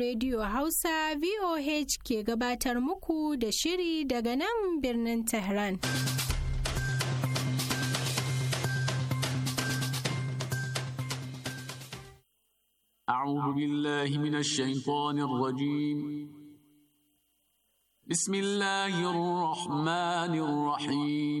Radiyo Hausa voh ke gabatar muku da shiri daga nan birnin tehran A'a wajen yi tafiya da shi a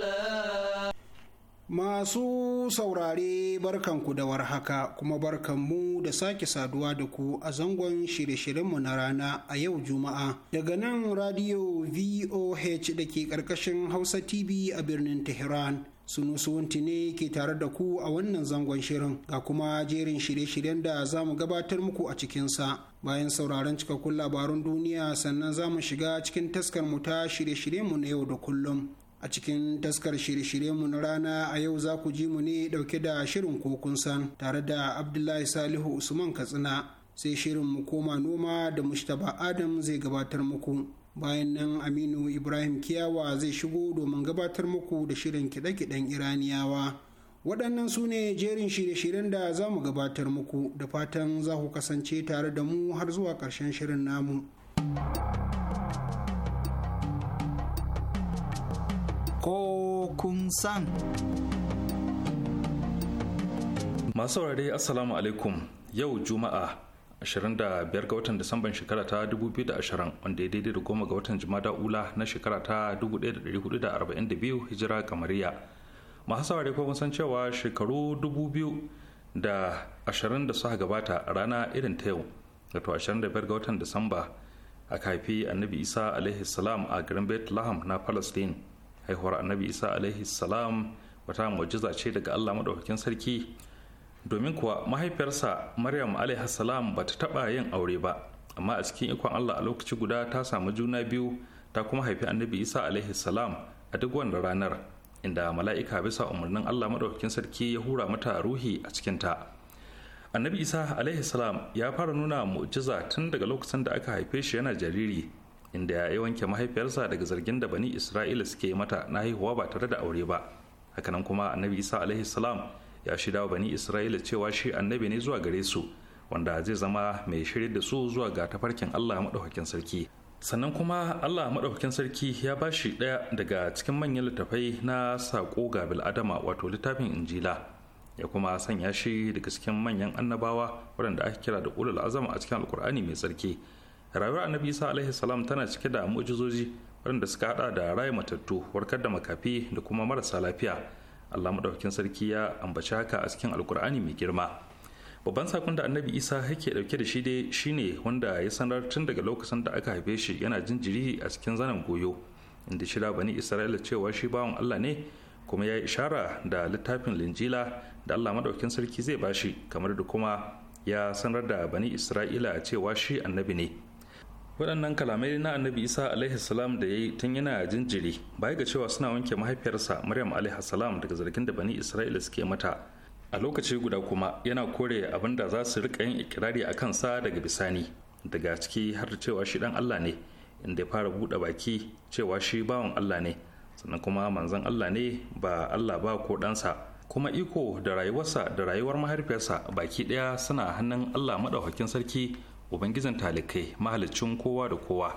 Masu saurare barkan ku da warhaka kuma barkanmu da sake saduwa da ku a zangon shirye-shiryenmu na rana a yau Juma'a. Daga nan radio VOH da ke ƙarƙashin Hausa TV a birnin Tehran. sunusuwunti ne ke tare da ku a wannan zangon shirin ga kuma jerin shirye-shiryen da za mu gabatar muku a cikinsa bayan sauraron cikakkun labarun duniya sannan za mu shiga cikin taskar mu ta shirye-shiryenmu na yau da kullum a cikin taskar shirye-shiryenmu na rana a yau za ku ji mu ne dauke da shirin kokun san tare da abdullahi salihu usman katsina sai shirin mu koma noma da mustapha adam zai gabatar muku bayan nan aminu ibrahim kiyawa zai shigo domin gabatar muku da shirin kiɗe-kiɗen iraniyawa waɗannan su ne jerin shirye-shiryen da za mu gabatar muku da fatan za ku kasance tare da mu har zuwa ƙarshen shirin namu. ko kun san. Masu saurare Assalamu alaikum yau Juma'a 25 ga watan Disamban shekara ta 2020 wanda ya daidai da goma ga watan Jumada Ula na shekara ta 1442 hijira kamariya. Masu saurare kuma san cewa shekaru 2000 da 20 da suka gabata a rana irin ta yau wato 25 ga watan Disamba a kafi annabi Isa alaihi salam a garin Bethlehem na Palestine. haihuwar annabi isa alaihi salam wata mu'jiza ce daga allah maɗaukakin sarki domin kuwa mahaifiyarsa maryam alaihi salam ba ta taɓa yin aure ba amma a cikin ikon allah a lokaci guda ta samu juna biyu ta kuma haifi annabi isa alaihi salam a duk wanda ranar inda mala'ika bisa umarnin allah maɗaukakin sarki ya hura mata ruhi a cikin ta annabi isa alaihi salam ya fara nuna mu'jiza tun daga lokacin da aka haife shi yana jariri inda ya wanke mahaifiyarsa daga zargin da bani isra'ila suke mata na haihuwa ba tare da aure ba hakanan kuma annabi isa alaihi salam ya shida wa bani isra'ila cewa shi annabi ne zuwa gare su wanda zai zama mai shirya da su zuwa ga tafarkin allah maɗaukakin sarki sannan kuma allah maɗaukakin sarki ya ba shi ɗaya daga cikin manyan littafai na sako ga bil'adama wato littafin injila ya kuma sanya shi daga cikin manyan annabawa waɗanda ake kira da ulul azama a cikin alkur'ani mai tsarki rayuwar annabi isa alaihi salam tana cike da mu'jizoji waɗanda suka haɗa da rayu matattu warkar da makafi da kuma marasa lafiya allah maɗaukin sarki ya ambaci haka a cikin alkur'ani mai girma babban sakon da annabi isa yake ɗauke da shi dai shine wanda ya sanar tun daga lokacin da aka haife shi yana jin jiri a cikin zanen goyo inda shida bani isra'ila cewa shi bawan allah ne kuma ya yi ishara da littafin linjila da allah maɗaukin sarki zai bashi kamar da kuma ya sanar da bani isra'ila cewa shi annabi ne waɗannan kalamai na annabi isa alaihi salam da ya yi tun yana jinjiri baya ga cewa suna wanke mahaifiyarsa maryam alaihi salam daga zargin da bani isra'ila suke mata a lokaci guda kuma yana kore abin da za su rika yin ikirari a kansa daga bisani daga ciki har da cewa shi dan allah ne inda ya fara buɗe baki cewa shi bawan allah ne sannan kuma manzon allah ne ba allah ba ko ɗansa kuma iko da rayuwarsa da rayuwar mahaifiyarsa baki ɗaya suna hannun allah maɗaukakin sarki ubangijin talikai mahalicin kowa da kowa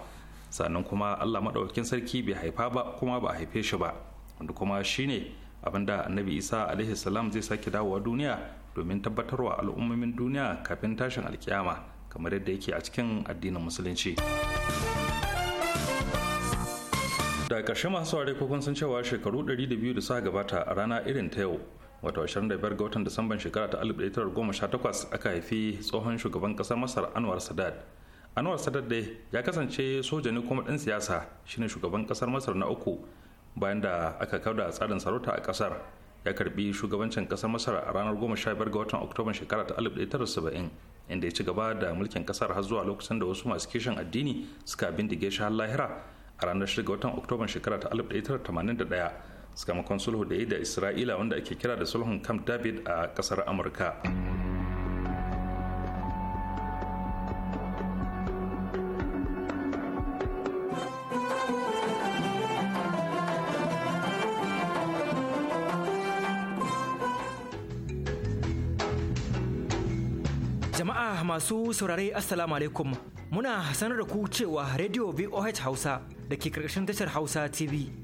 sannan kuma allah maɗaukakin sarki bai haifa ba kuma ba a haife shi ba wanda kuma shine abinda annabi isa alaihi salam zai sake dawowa duniya domin tabbatarwa al'ummomin duniya kafin tashin alkiyama kamar yadda yake a cikin addinin musulunci da ƙarshe masu ware kukun san cewa shekaru 200 da suka gabata a rana irin ta yau wato 25 ga watan disamban shekara ta 1918 aka haifi tsohon shugaban kasar masar anwar sadat anwar sadat dai ya kasance soja ne kuma ɗan siyasa shine shugaban kasar masar na uku bayan da aka kauda tsarin sarauta a kasar ya karbi shugabancin kasar masar a ranar 15 ga watan oktoban shekara ta 1970 inda ya ci gaba da mulkin kasar har zuwa lokacin da wasu masu kishin addini suka bindige shi har lahira a ranar 6 ga watan oktoban shekara ta 1981 sakamakon sulhu da yi da isra'ila wanda ake kira da sulhun camp david a kasar amurka jama'a masu saurare assalamu alaikum muna sanar da ku cewa radio voh hausa da ke karkashin tashar hausa tv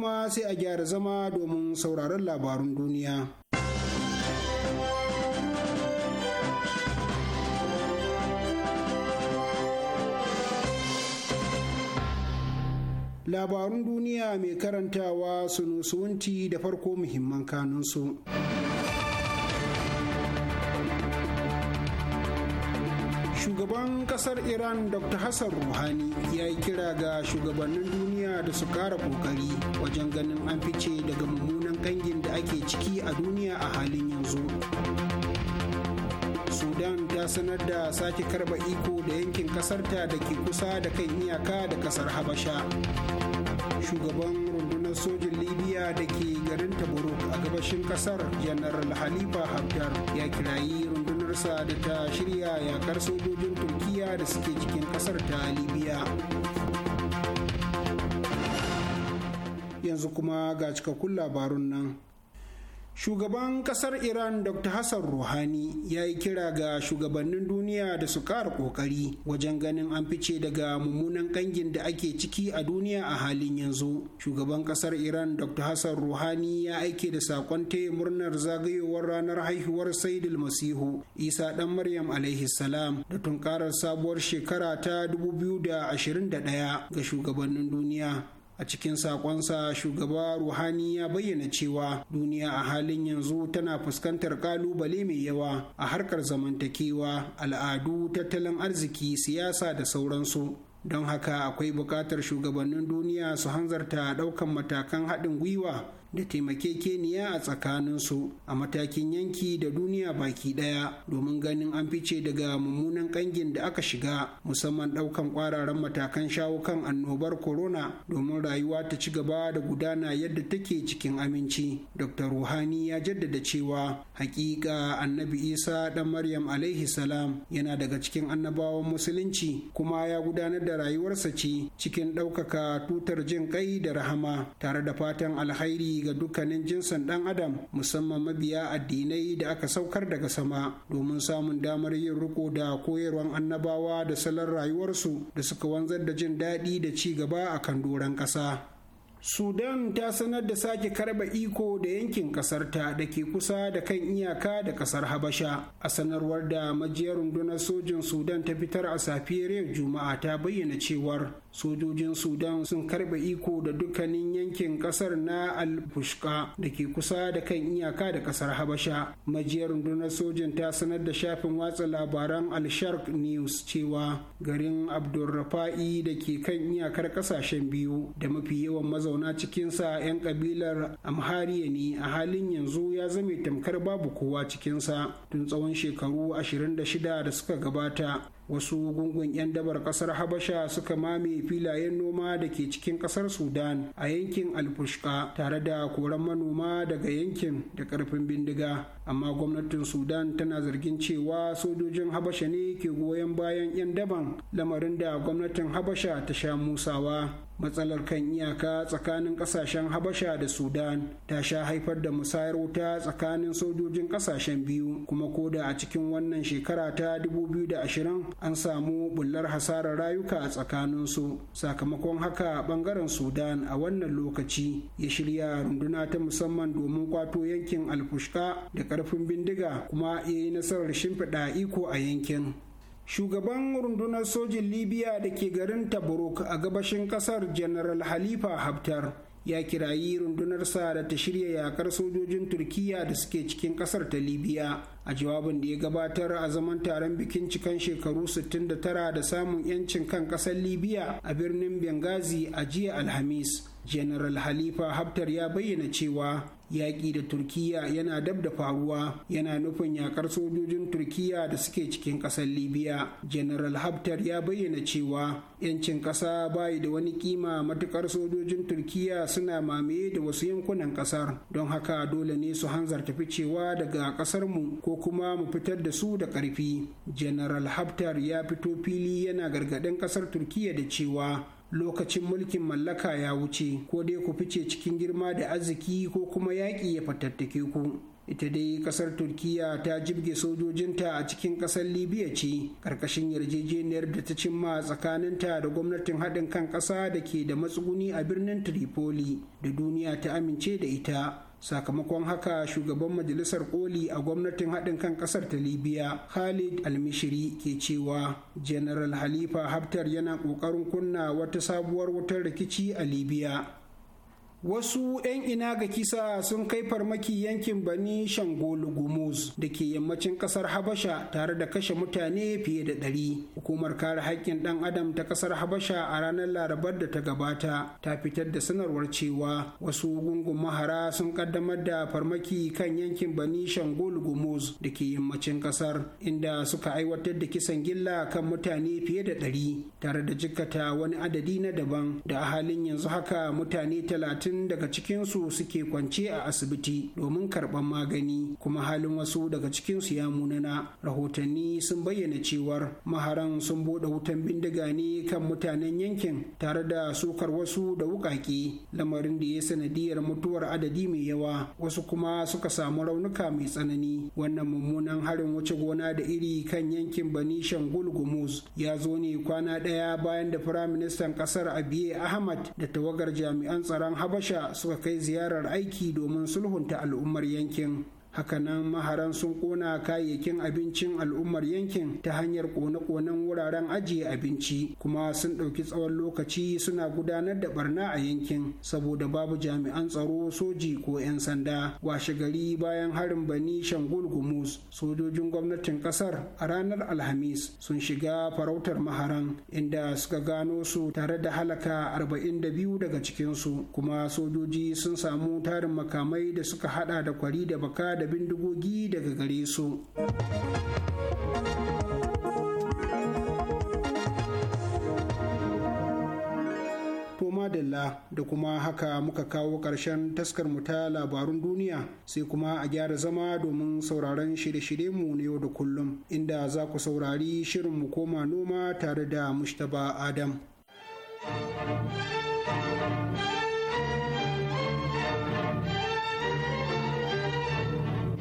kuma sai a gyara zama domin sauraron labarun duniya. Labarun duniya mai karantawa su sunusunti da farko muhimman kanunsu. shugaban kasar iran dr hassan ruhani ya yi kira ga shugabannin duniya da su kara kokari wajen ganin an fice daga mummunan kangin da ake ciki a duniya a halin yanzu sudan ta sanar da sake karba iko da yankin kasarta da ke kusa da kan iyaka da kasar habasha shugaban rundunar sojin libya da ke garin tabaruk a gabashin kasar janar halifa haftar ya kirayi ƙasarsa da ta shirya yakar sojojin turkiya da suke cikin ƙasar ta libya yanzu kuma ga cikakkun labarun nan shugaban kasar iran dr hassan ruhani ya yi kira ga shugabannin duniya da su kara kokari wajen ganin an fice daga mummunan kangin da ake ciki a duniya a halin yanzu shugaban kasar iran dr hassan ruhani ya aike da sakon taya murnar zagayowar ranar haihuwar saidul masihu isa dan maryam alaihi salam da tunkarar sabuwar shekara ta 2021 ga shugabannin duniya a cikin sakonsa shugaba ruhani ya bayyana cewa duniya a halin yanzu tana fuskantar kalubale mai yawa a harkar zamantakewa al'adu tattalin arziki siyasa da sauransu don haka akwai buƙatar shugabannin duniya su hanzarta ɗaukan matakan haɗin gwiwa da taimake taimakekeniya a tsakanin su. a matakin yanki da duniya baki daya domin ganin an fice daga mummunan kangin da aka shiga musamman daukan kwararan matakan shawo kan annobar corona domin rayuwa ta ci gaba da gudana yadda take cikin aminci dr ruhani ya jaddada cewa hakika annabi isa dan maryam alaihi salam yana daga cikin annabawan musulunci kuma ya gudanar da rayuwarsa ce cikin ɗaukaka tutar jin kai da rahama tare da fatan alhairi ga dukkanin jinsin ɗan adam musamman mabiya addinai da aka saukar daga sama domin samun damar yin riko da koyarwan annabawa da salon rayuwarsu da suka wanzar da jin daɗi da ci gaba a kan doron ƙasa. sudan ta sanar da sake karba iko da yankin kasarta da ke kusa da kan iyaka da kasar habasha a sanarwar da majiyar rundunar sojin sudan ta fitar a safiyar yau juma'a ta bayyana cewar sojojin sudan sun karbe iko da dukkanin yankin kasar na alfushka da ke kusa da kan iyaka da kasar habasha majiyar rundunar sojin ta sanar da shafin watsa labaran Alshark news cewa garin abdulrafa'i da ke kan iyakar kasashen biyu da mafi yawan mazauna cikinsa 'yan kabilar amhariya ne a halin yanzu ya zame tamkar babu kowa cikinsa tun tsawon shekaru 26 da suka gabata wasu gungun 'yan dabar kasar habasha suka mame filayen noma da ke cikin kasar sudan a yankin alfushka tare da koran manoma daga yankin da karfin bindiga amma gwamnatin sudan tana zargin cewa sojojin habasha ne ke goyon bayan 'yan daban lamarin da gwamnatin habasha ta sha musawa matsalar kan iyaka tsakanin kasashen habasha da sudan ta sha haifar da musayar wuta tsakanin sojojin kasashen biyu kuma koda a cikin wannan shekara ta 2020 an samu bullar hasarar rayuka a tsakanin su sakamakon haka bangaren sudan a wannan lokaci ya shirya runduna ta musamman domin kwato yankin alfushka da karfin bindiga kuma ya yi nasarar shimfiɗa iko a yankin shugaban rundunar sojin libya da ke garin tabaruk a gabashin kasar general halifa haftar ya kirayi rundunarsa da ta shirya yakar sojojin turkiya da suke cikin kasar ta libya a jawabin da ya gabatar a zaman taron bikin cikan shekaru 69 da samun 'yancin kan kasar libya a birnin benghazi a jiya alhamis general halifa haftar ya bayyana cewa yaƙi da turkiya yana dab da faruwa yana nufin yakar sojojin turkiya da suke cikin ƙasar libya general haftar ya bayyana cewa yancin ƙasa bayi da wani kima matukar sojojin turkiya suna mamaye da wasu yankunan ƙasar don haka dole ne su hanzarta ficewa daga ƙasar mu ko kuma mu fitar da su da ƙarfi general haftar ya fito fili yana gargaɗin ƙasar turkiya da cewa lokacin mulkin mallaka ya wuce ko dai ku fice cikin girma da arziki ko kuma yaƙi ya fatattake ku ita dai kasar turkiya ta jibge sojojinta a cikin kasar libya ce karkashin yarjejeniyar da ta cimma tsakaninta da gwamnatin haɗin kan ƙasa da ke da matsuguni a birnin tripoli da duniya ta amince da ita sakamakon haka shugaban majalisar koli a gwamnatin haɗin kan ƙasar ta libya khalid almishiri ke cewa general halifa haftar yana ƙoƙarin kunna wata sabuwar wutar rikici a libya Wasu 'yan ina ga kisa sun kai farmaki yankin Bani Shangolu Gumuz da ke yammacin kasar Habasha tare da kashe mutane fiye da ɗari. Hukumar kare haƙƙin ɗan adam ta kasar Habasha a ranar Larabar da ta gabata ta fitar da sanarwar cewa wasu gungun mahara sun kaddamar da farmaki kan yankin Bani Shangolu Gumuz da ke yammacin kasar inda suka aiwatar da kisan gilla kan mutane fiye da ɗari tare da jikkata wani adadi na daban da a halin yanzu haka mutane talatin sittin daga cikinsu suke kwance a asibiti domin karɓar magani kuma halin wasu daga cikinsu ya munana rahotanni sun bayyana cewar maharan sun buɗe wutan bindiga ne kan mutanen yankin tare da sukar wasu da wukaki lamarin da ya sanadiyar mutuwar adadi mai yawa wasu kuma suka samu raunuka mai tsanani wannan mummunan harin wuce gona da iri kan yankin banishan gulgumus ya zo ne kwana ɗaya bayan da firaministan ƙasar abiye ahmad da tawagar jami'an tsaron haba habasha suka kai ziyarar aiki domin sulhunta al'ummar yankin hakanan maharan sun kona kayayyakin abincin al'ummar yankin ta hanyar kone-konen wuraren ajiye abinci kuma sun ɗauki tsawon lokaci suna gudanar da barna a yankin saboda babu jami'an tsaro soji ko 'yan sanda washe gari bayan harin bani shangul gumus sojojin gwamnatin kasar a ranar alhamis sun shiga farautar maharan inda suka gano su tare da halaka 42 daga cikinsu kuma sojoji sun samu tarin makamai da suka hada da kwari da baka da bindigogi daga gare su. madalla da kuma haka muka kawo ƙarshen taskar ta labarun duniya sai kuma a gyara zama domin sauraron shirye mu na yau da kullum inda za ku saurari shirin mu koma noma tare da mushtaba adam.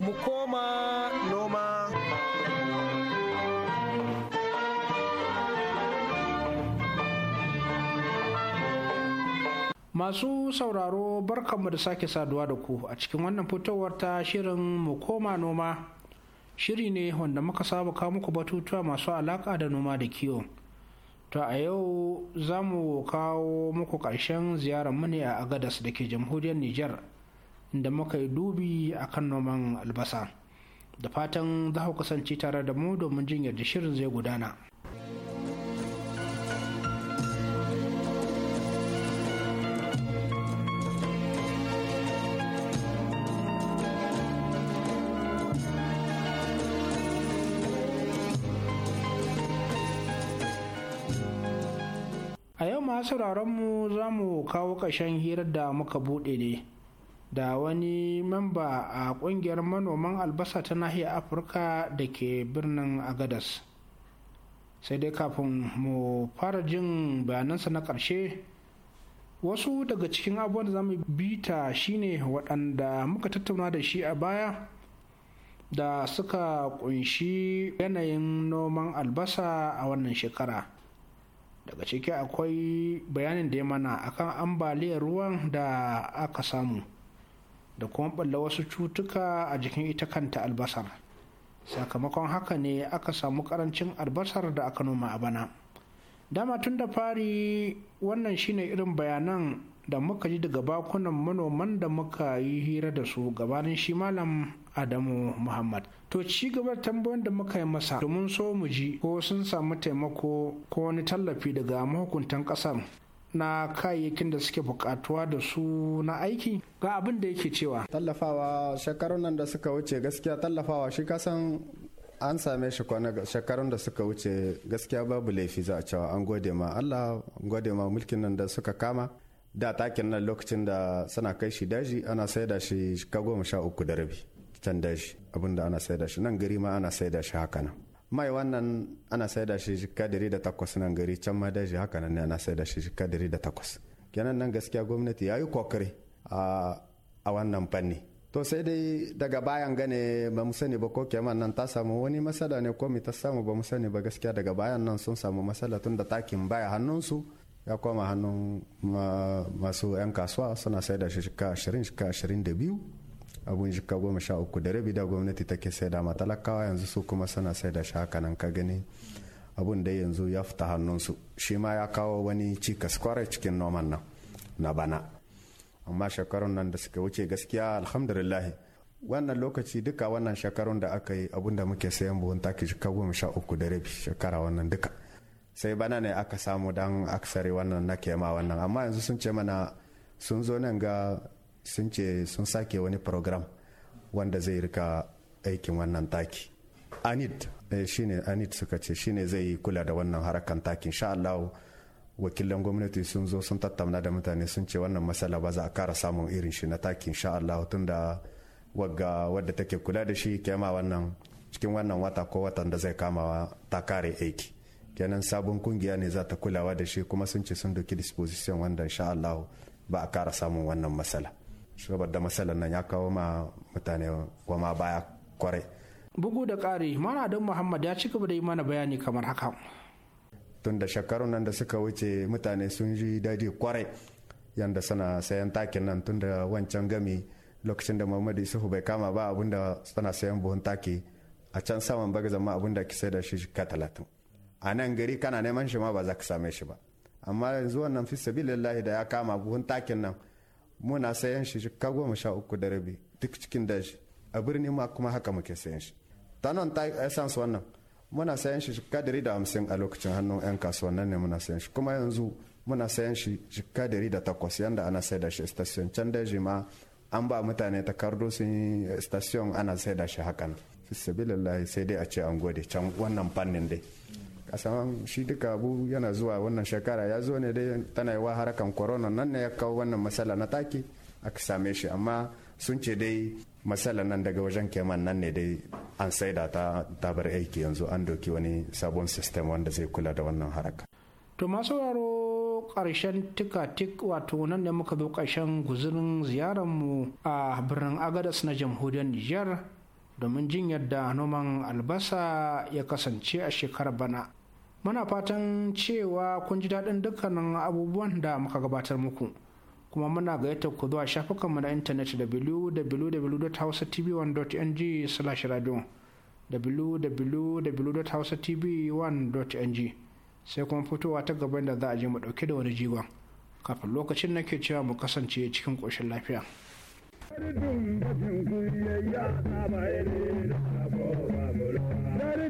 mu koma noma Masu sauraro barkanmu da sake saduwa da ku a cikin wannan fitowar ta shirin mu koma noma. Shiri ne wanda muka saba kawo muku batutuwa masu alaka da noma da kiwo. To a yau za mu kawo muku ƙarshen mu ne a Agadas da ke jamhuriyar Nijar inda muka yi dubi a kan noman albasa da fatan za ku kasance tare da mu domin jin yadda shirin zai gudana a yau masu mu za mu kawo ƙashen hirar da muka buɗe ne da wani mamba a kungiyar manoman albasa ta nahiyar afirka da ke birnin agadas sai dai kafin mu fara jin bayanansa na ƙarshe wasu daga cikin abubuwan da zamu bita shine waɗanda muka tattauna da shi a baya da suka kunshi yanayin noman albasa a wannan shekara daga ciki akwai bayanin da ya mana akan ambaliyar ruwan da aka samu da kuma balla wasu cutuka a jikin ita kanta albasar sakamakon haka ne aka samu karancin albasar da aka noma a bana dama tun da fari wannan shine irin bayanan da muka ji daga bakunan manoman da muka yi hira da su gabanin shi malam adamu muhammad to ci gaba tambayoyin da muka yi masa domin so mu ji ko sun samu taimako ko wani tallafi daga mahukuntan kasar na kayayyakin da suke bukatuwa da su na aiki ga abin da yake cewa tallafawa shekarun nan da suka wuce gaskiya tallafawa shi kasan an same shi kwana shekarun da suka wuce gaskiya babu laifi za a cewa an gode ma allah gode ma mulkin nan da suka kama da takin nan lokacin da suna kai shi daji ana saida shi ka goma sha uku da rabi can daji abinda ana saida shi nan gari ma ana saida shi haka nan mai wannan ana saida shi jikka dari da takwas nan gari can ma daji haka nan ne ana saida shi jikka dari da takwas kenan nan gaskiya gwamnati ya yi kokari a wannan fanni to sai dai daga bayan gane ba mu ba ko keman nan ta samu wani masala ne ko mi ta samu ba mu sani ba gaskiya daga bayan nan sun samu masala tun da takin baya hannunsu ya koma hannun masu 'yan kasuwa suna saida shi shika 20 shika 22 abun jika goma sha uku da rabi da gwamnati take sai ma talakawa yanzu su kuma suna sai da shaka nan ka gani abun da yanzu ya fita hannunsu shi ma ya kawo wani cikas kwarai cikin noman nan na bana amma shekarun nan da suka wuce gaskiya alhamdulillah wannan lokaci duka wannan shekarun da aka yi abun da muke sayan buhun taki jika goma sha uku da rabi shekara wannan duka sai bana ne aka samu dan aksari wannan na kema wannan amma yanzu sun ce mana sun zo nan ga sun ce sun sake wani program wanda zai rika aikin wannan taki anid eh, shine anid suka ce shine zai kula da wannan harakan takin sha Allah wakilan gwamnati sun zo sun tattauna da mutane sun ce wannan masala ba za a kara samun irin shi na takin sha Allah tunda wagga wadda take kula da shi kema wannan cikin wannan wata ko watan da zai kama ta kare aiki kenan sabon kungiya ne za ta kulawa da shi kuma sun ce sun doki disposition wanda sha'allahu ba a kara samun wannan matsala saboda matsalar nan ya kawo ma mutane ma baya kware. bugu da ƙari don muhammad ya ci gaba da yi mana bayani kamar haka tun da shekarun nan da suka wuce mutane sun ji daji kware yadda suna sayan takin nan tun da wancan gami lokacin da muhammadu isufu bai kama ba abinda suna sayan buhun taki a can saman baga zama abinda ki sai da shi ka talatin a nan gari kana neman shi ma ba za ka same shi ba amma yanzu wannan fi sabilillahi da ya kama buhun takin nan muna sayan shi ka goma sha uku da rabi duk cikin daji a birni ma kuma haka muke sayan shi ta nan ta essence wannan muna sayan shi jikka dari da hamsin a lokacin hannun yan kasuwannan ne muna sayan shi kuma yanzu muna sayan shi jikka dari da takwas yanda ana sai da shi station can daji ma an ba mutane takardu sun yi station ana sai da shi hakan sabilillahi sai dai a ce an gode can wannan fannin dai saman shi duka abu yana zuwa wannan shekara ya zo ne dai tana yi wa harakan corona nan ne ya kawo wannan matsala na taki aka same shi amma sun ce dai matsala nan daga wajen keman nan ne dai an saida ta tabar aiki yanzu an doki wani sabon sistem wanda zai kula da wannan haraka to masu karshen tik wato nan ne muka zo karshen guzurin mu a birnin agadas na jamhuriyar niger domin jin yadda noman albasa ya kasance a shekarar bana muna fatan cewa kun ji daɗin dukkanin abubuwan da muka gabatar muku kuma muna gayyatar ku zuwa shafukanmu na intanet www.hausatv1.ng slash radio www.hausatv1.ng sai kuma fitowa ta gaban da za a je mu dauke da wani jigon kafin lokacin nake cewa mu kasance cikin ƙoshin lafiya. Dari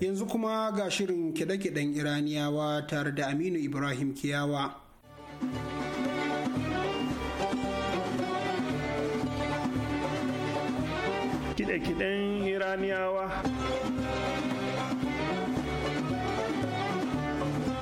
Yanzu kuma ga shirin kiɗe-kiɗen Iraniyawa tare da Aminu Ibrahim Kiyawa. Kiɗe-kiɗen Iraniyawa.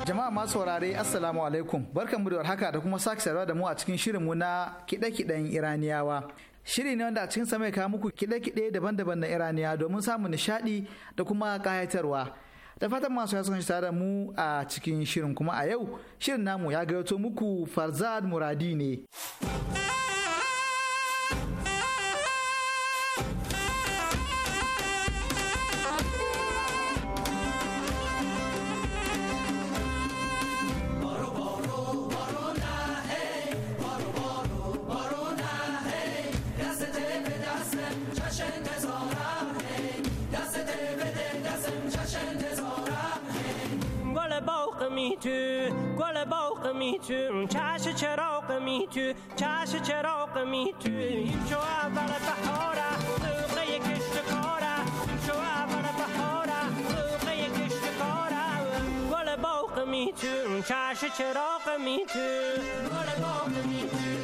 Jama'a masu saurare Assalamu alaikum. Barkanmu da warhaka da kuma sake saurara da mu a cikin mu na kiɗe-kiɗen Iraniyawa. Shiri ne wanda a cikin sa mai kawo muku kiɗe-kiɗe daban-daban na Iraniya domin samun nishadi da kuma kayatarwa Da fatan masu ya sun tare da mu a cikin shirin kuma a yau shirin namu ya gayyato muku Farzad Muradi ne. می تو چش چراغ می تو چش چراغ می تو این شو اول بهاره دوقه کشت کاره این شو اول بهاره سوقه کشت کاره گل باغ می تو چش چراغ می تو گل باغ می تو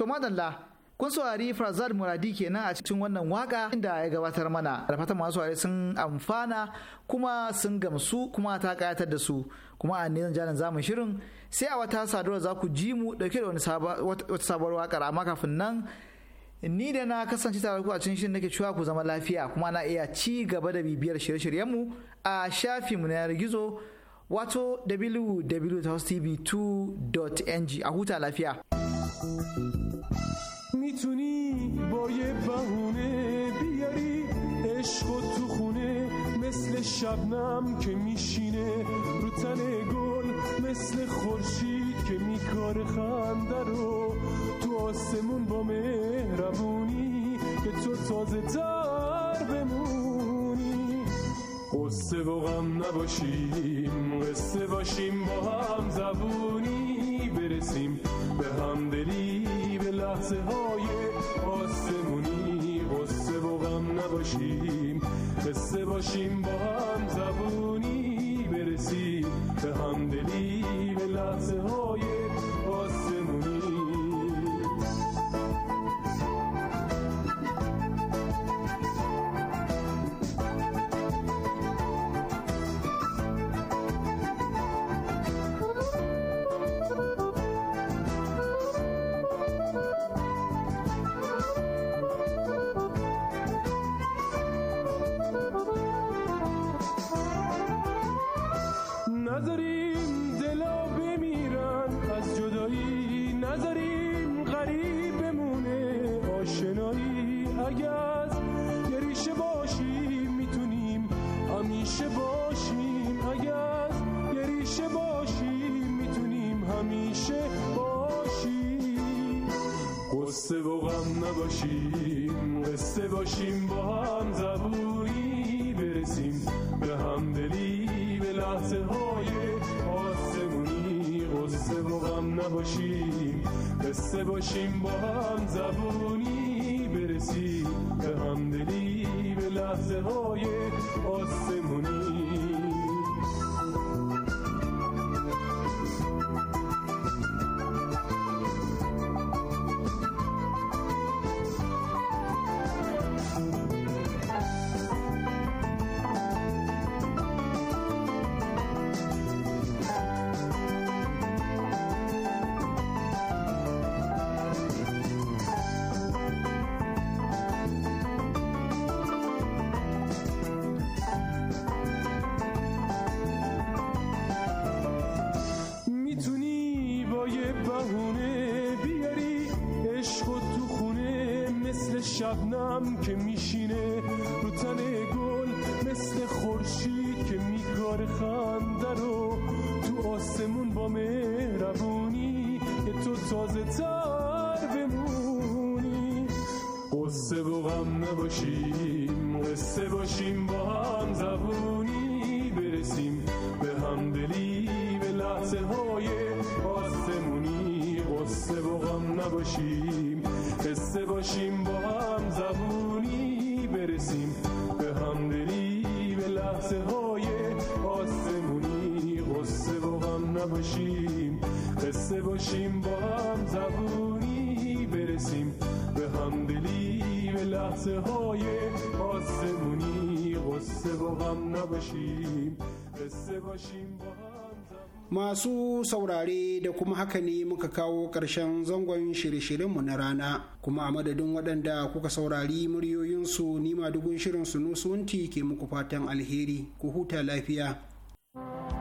to madalla kun saurari farzad muradi kenan a cikin wannan waka inda ya gabatar mana da fatan masu saurari sun amfana kuma sun gamsu kuma ta kayatar da su kuma a ne jalan zamu shirin sai a wata sadarwa za ku ji mu dauke da wani wata sabuwar wakar amma kafin nan ni da na kasance tare ku a cikin shirin nake cewa ku zama lafiya kuma na iya ci gaba da bibiyar shirye mu a shafin mu na yanar gizo wato www.tv2.ng a huta میتونی با یه بهونه بیاری عشق تو خونه مثل شبنم که میشینه رو تن گل مثل خورشید که میکار خنده رو تو آسمون با مهربونی که تو تازه تر بمون قصه و غم نباشیم قصه باشیم با هم زبونی برسیم به همدلی به لحظه های آسمونی قصه و غم نباشیم قصه باشیم با هم زبونی برسیم به همدلی به لحظه های همیشه باشیم میتونیم همیشه باشیم اگر از باشیم میتونیم همیشه باشیم قصه و غم نباشیم قصه باشیم با هم زبونی برسیم به همدلی به لحظه های آسمونی قصه و غم نباشیم قصه باشیم با هم زبونی برسیم به همدلی لحظه های آسمونی come باشیم قصه باشیم با هم زبونی برسیم به همدلی به لحظه های آسمونی قصه با هم نباشیم قصه باشیم با Masu saurare da kuma haka ne muka kawo ƙarshen zangon shirye-shiryenmu na rana, kuma a madadin waɗanda kuka saurari muryoyinsu nima dugun shirin sunusunti ke muku fatan alheri, ku huta lafiya.